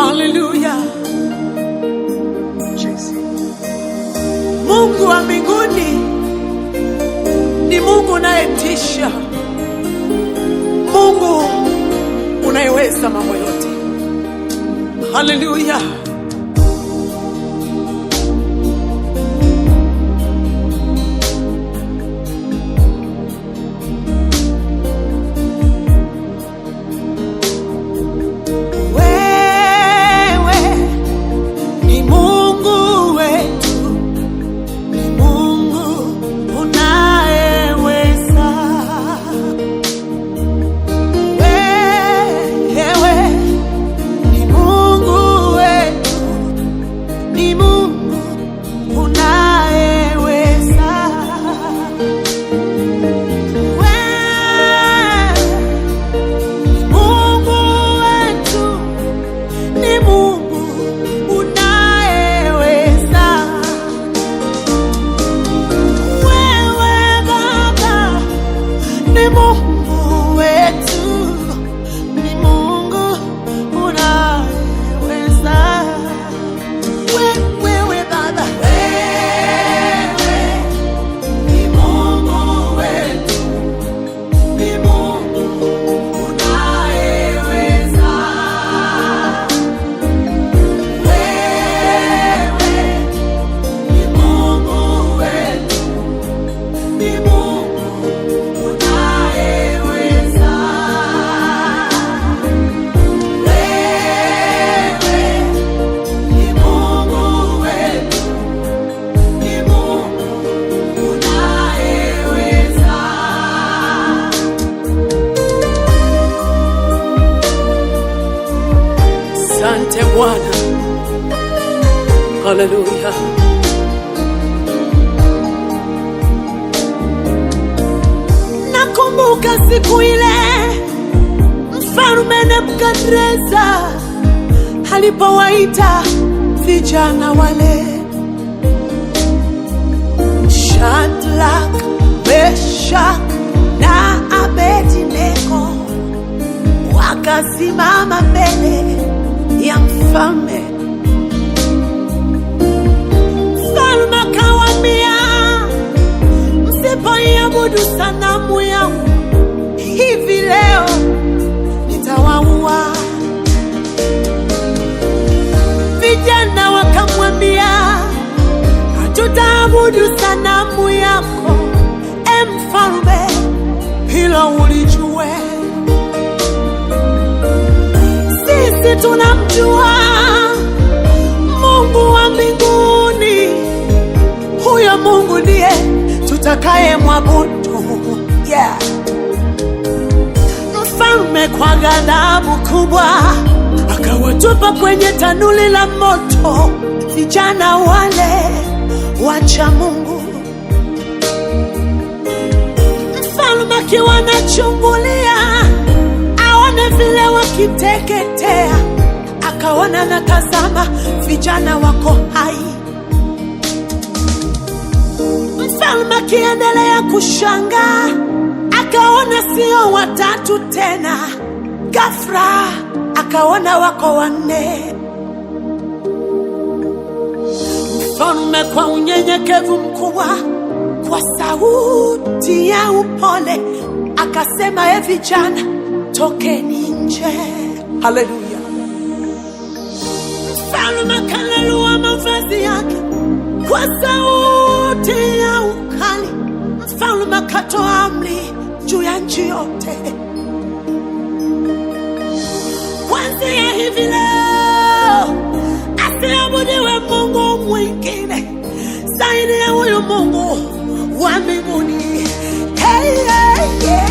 Haleluya. Mungu wa mbinguni ni Mungu unayetisha, Mungu unayeweza mambo yote. Haleluya. Haleluya. Nakumbuka siku ile Mfalme Nebukadreza alipowaita vijana wale Shadraka, Meshaki na Abednego wakasimama mbele ya mfalme mtaumia msipoiabudu sanamu yangu. Hivi leo nitawaua. Vijana wakamwambia, hatutaabudu sanamu yako, e mfalme, hilo ulijue. Sisi tunamjua Mungu wa mbinguni huyo Mungu ndiye tutakaye mwabudu yeah. Mfalme kwa ghadhabu kubwa akawatupa kwenye tanuli la moto vijana wale wacha Mungu. Mfalme akiwa anachungulia aone vile wakiteketea, akaona natazama, vijana wako hai Akiendelea kushanga akaona sio watatu tena, gafra akaona wako wanne. Mfalme kwa unyenyekevu mkubwa, kwa sauti ya upole akasema, e, vijana tokeni nje. Haleluya! Mfalme kaleluya Natoa amri juu ya nchi yote kuanzia hivi leo, asiabudiwe Mungu mwingine zaidi ya huyu Mungu wa mbinguni. Hey, hey, yeah.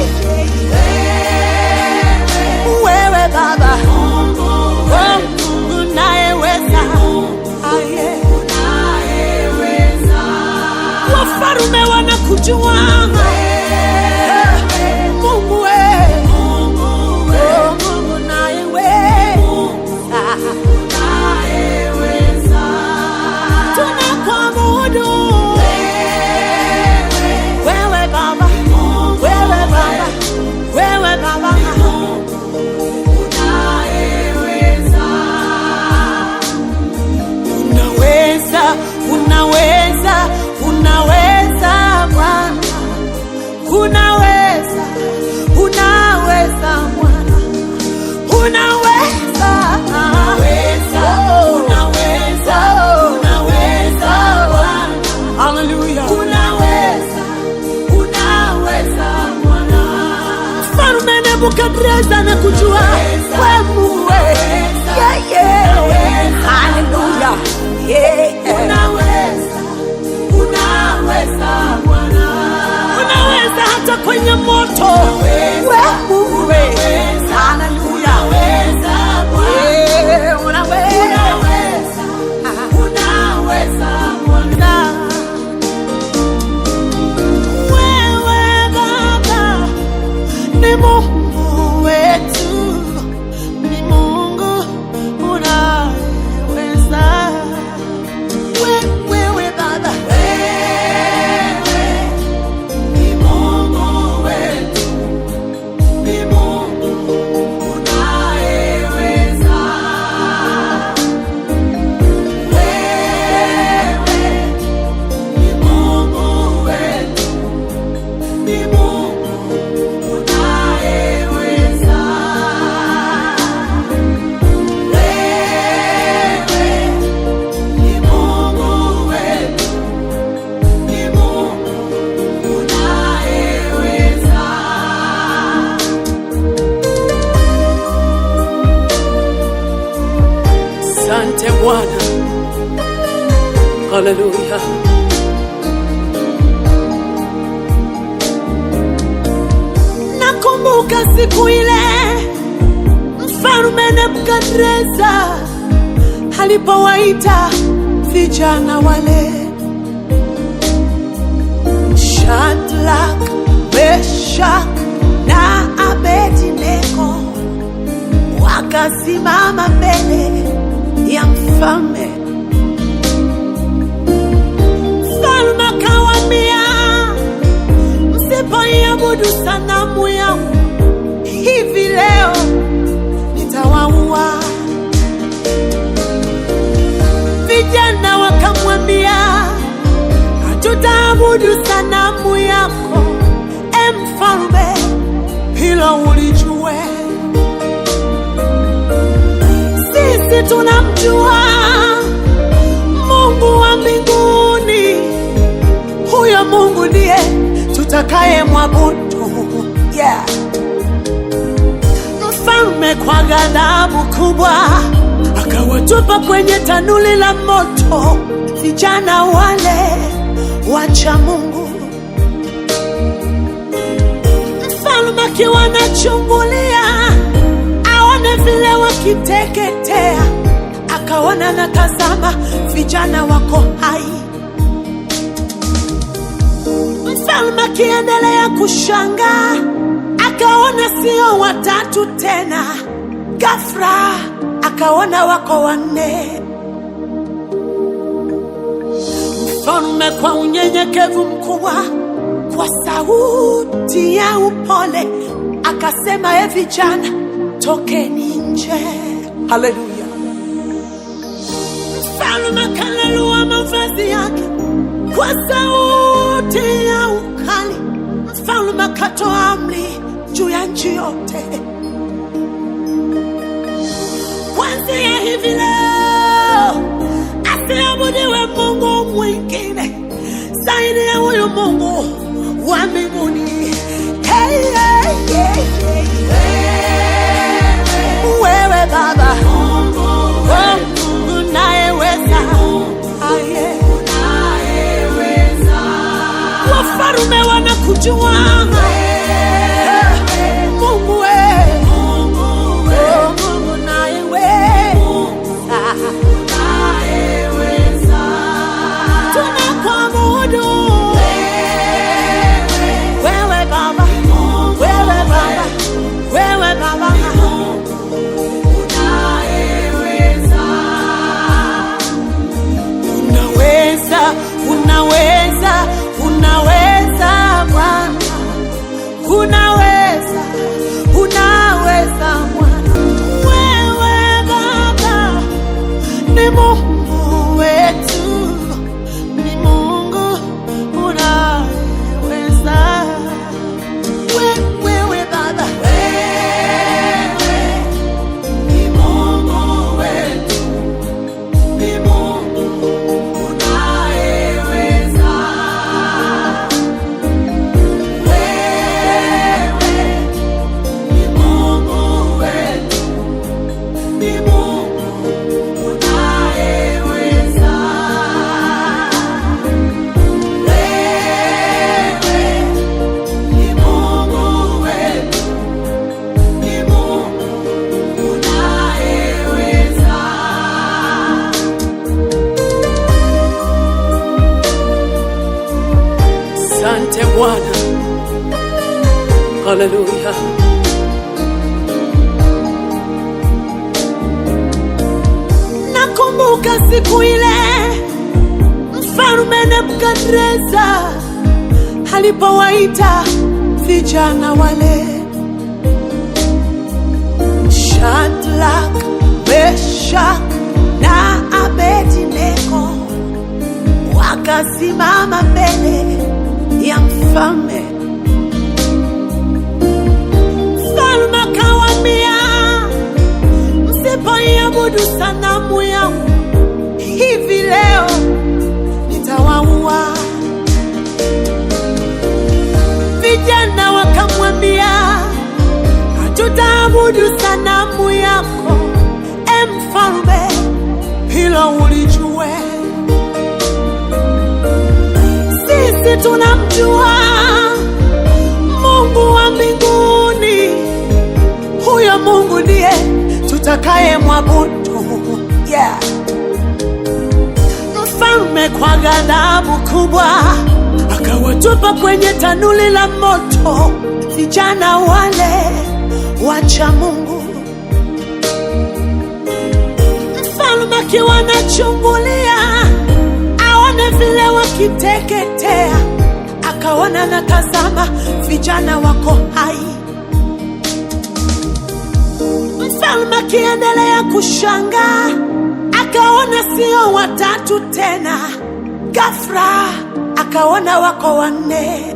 sababu kadreza na kujua kwa muwe yeah, yeah. Haleluya, yeah. Unaweza, unaweza, unaweza hata kwenye moto wewe, we muwe More. Haleluya. Nakumbuka siku ile Mfalme Nebukadreza alipowaita vijana wale Shadraka, Meshaki na Abednego wakasimama mbele ya mfalme utaabudu sanamu yako, e mfalme, hilo ulijue. Sisi tunamjua Mungu wa mbinguni, huyo Mungu ndiye tutakaye mwabudu yeah. Mfalme kwa ghadhabu kubwa akawatupa kwenye tanuli la moto vijana wale wacha Mungu. Mfalme akiwa anachungulia aone vile wakiteketea, akaona na tazama, vijana wako hai. Mfalme akiendelea kushangaa akaona sio watatu tena, ghafla akaona wako wanne. Mfalme kwa unyenyekevu mkubwa, kwa sauti ya upole akasema, e vijana, tokeni nje. Haleluya! Mfalme kalelua mavazi yake kwa sauti ya ukali. Mfalme katoa amri juu ya nchi yote, kwanzia hivi leo Siabudiwe Mungu mwingine zaidi ya huyu Mungu wa mbinguni. Hey, hey, hey, hey. Nakumbuka siku ile Mfalme Nebukadreza alipowaita vijana wale Shadraka, Meshaki na Abednego wakasimama mbele ya mfalme. Mfalme akawaambia kumjua Mungu wa mbinguni. Huyo Mungu ndiye tutakaye mwabudu, yeah. Mfalme kwa ghadhabu kubwa akawatupa kwenye tanuli la moto vijana wale wacha Mungu. Mfalme akiwa anachungulia aone vile wakiteketea nikaona natazama, vijana wako hai. Mfalme akiendelea kushangaa, akaona sio watatu tena, gafra akaona wako wanne.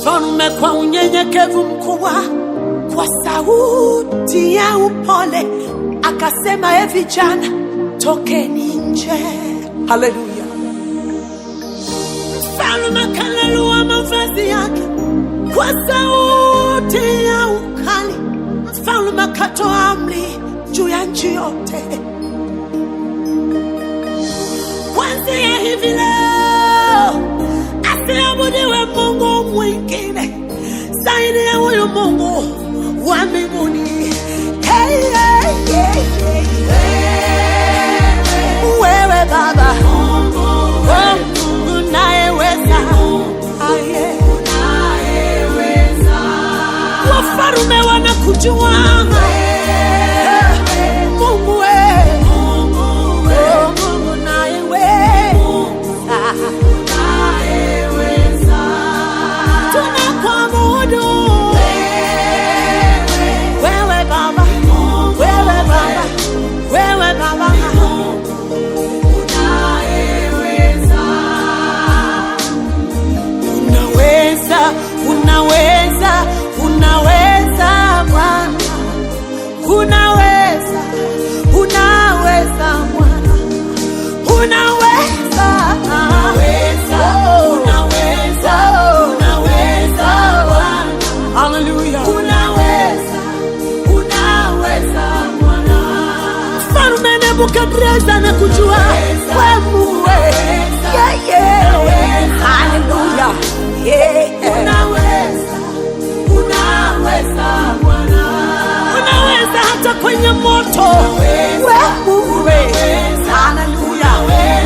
Mfalme kwa unyenyekevu mkubwa, kwa sauti ya upole akasema, e vijana, tokeni nje. Haleluya! makanalua mavazi yake kwa sauti ya ukali. Mfalme akatoa amri juu ya nchi yote, kwanzia hivi leo asiabudiwe Mungu mwingine zaidi ya huyu Mungu wa mbinguni. Hey, hey, hey, hey. you want. my reza na kujua we muwe yeah, Haleluya, Unaweza, hata kwenye moto we muwe. Haleluya.